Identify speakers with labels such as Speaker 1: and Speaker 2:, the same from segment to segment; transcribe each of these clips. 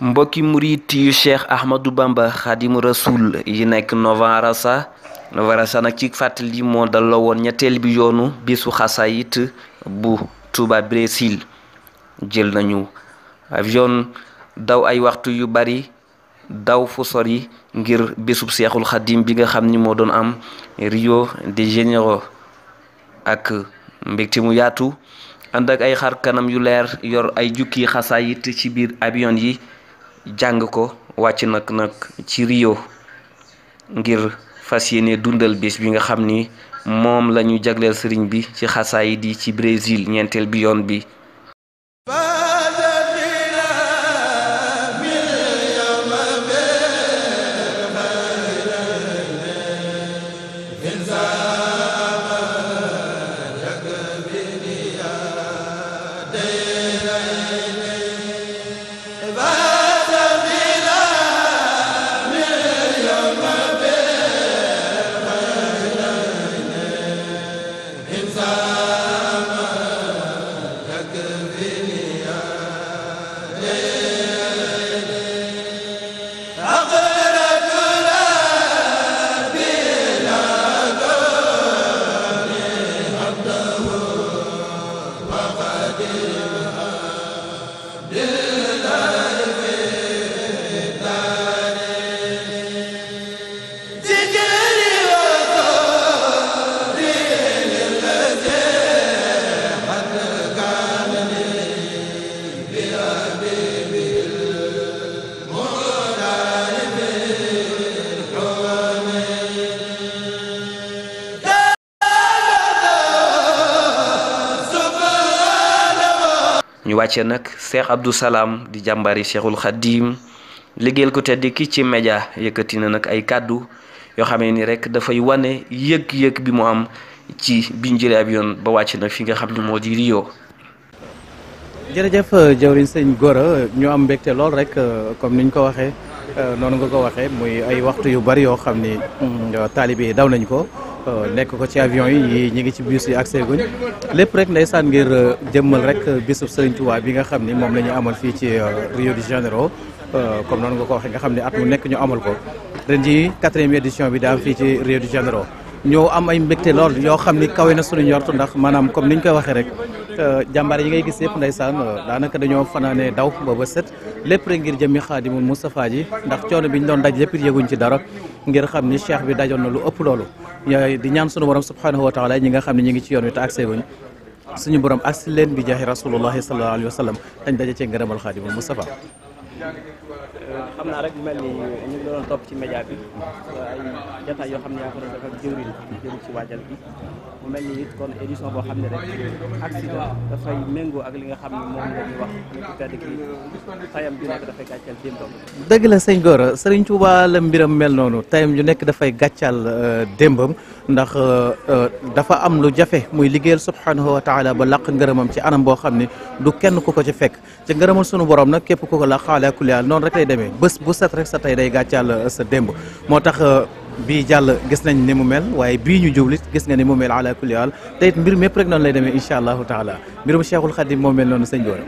Speaker 1: mbokki murit yu cheikh ahmadou bamba xaadimu rasul yi nekk Novarasa Novarasa nag ci fàttali moo dal woon ñetteel bi yoonu bisu xasayit bu Touba Brésil jël nañu avion daw ay waxtu yu bari daw fu sori ngir bésub seexul xadim bi nga xam ni moo doon am Rio de Janeiro ak mbégte mu yaatu ànd ak ay xar kanam yu leer yor ay jukki yit ci biir avion yi jàng ko wàcc nak nag ci Rio ngir fas yéene dundal bés bi nga xam ni moom lañu ñu jagleel sëriñ bi ci xasaayid yi ci Brésil ñeenteel bi yoon bi ñu wàcce nag Cheikh Abdou di jàmbari Cheikhul Khadim liggéeyal ko tedd ki ci média yëkkati na nag ay kàddu yoo xamee ni rek dafay wane yëg-yëg bi mu am ci biñ jëlee ab yoon ba wàcc nag fi nga xam ne moo di Rio.
Speaker 2: jërëjëf euh, jawriñ sëñ Gora ñu am mbégte lool rek euh, comme niñ ko waxee euh, noonu nga ko waxe muy ay waxtu yu bari yoo xam ni mm, taalibe yi daw nañ ko. Euh, nekk ko ci avion yi ñu ngi ci bus yi ak seeguñ lépp rek ndeysaan ngir euh, jëmmal rek euh, bisub Serigne Touba bi nga xam ni moom la ñu amal fii ci Rio de Janeiro comme noonu nga ko waxee nga xam ne at mu nekk ñu amal ko ren ji quatrième édition bi daam fii ci Rio de Janeiro ñoo am ay mbégte lool yoo xam ni kawe na suñu njort ndax maanaam comme ni ñu koy waxee rek jàmbaar yi ngay gis yëpp ndeysaan daanaka dañoo fanaanee daw ba ba set lépp rek ngir jëmmi xaadimul Moustapha ji ndax coono bi ñu doon daj yëpp yëguñ ci dara ngir xam ni cheikh bi dajoon na lu ëpp loolu di ñaan sunu borom subhanahu wa taala ñi nga xam ne ñi ngi ci yoon wi te accès guñ suñu borom agsi leen bi jaaxi rasulullahi sallallahu alayhi wa sallam dañ daje cee ngërëmal xaadimul Mustafa
Speaker 1: Euh, xam naa rek mel ni ñu ngi topp ci média bi euh, yoo xam ne yaa ko doon def ak jëwriñ mu mel ni it kon édition boo xam ne rek accident dafay méngoo ak li nga xam ne moom la ñuy wax ci tayam ju nekk dafay
Speaker 2: gàccal démbam mbiram mel noonu tayam ju nekk dafay gàccal euh, démbam ndax dafa am lu jafe muy liggéeyal subhanahu wa taala ba làq ngërëmam ci anam boo xam ne du kenn ku ko ci fekk ci ngërëmal sunu borom nag képp ku ko làqaale àlakulial noonu rek lay demee bés bu set rek sa tey day gàccaal euh, sa démb moo tax euh, bii jàll gis nañ ni mu mel waaye bii ñu jublit gis nga ni mu mel àlakulial te it mbir mépp rek noonu lay demee incha allahu taala mbirum Cheikhul Khadim moo mel noonu sëñ Gora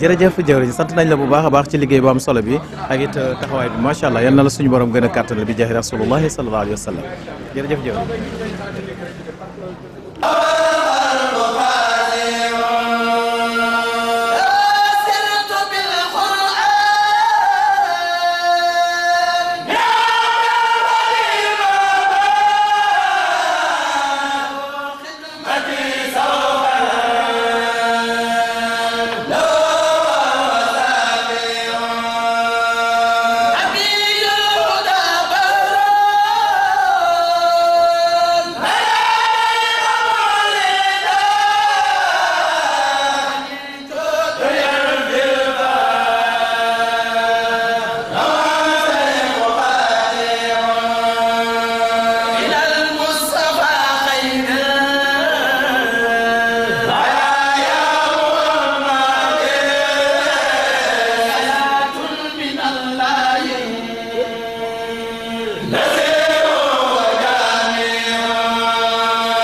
Speaker 2: jërëjëf jëwriñ sant nañ la bu baax a baax ci liggéey bu am solo bi ak it euh, taxawaay bi macha allah yal na la suñu borom gën a kàttanal bi jaay rasulullahi sallallahu alayhi wa sallam jërëjëf jëwriñ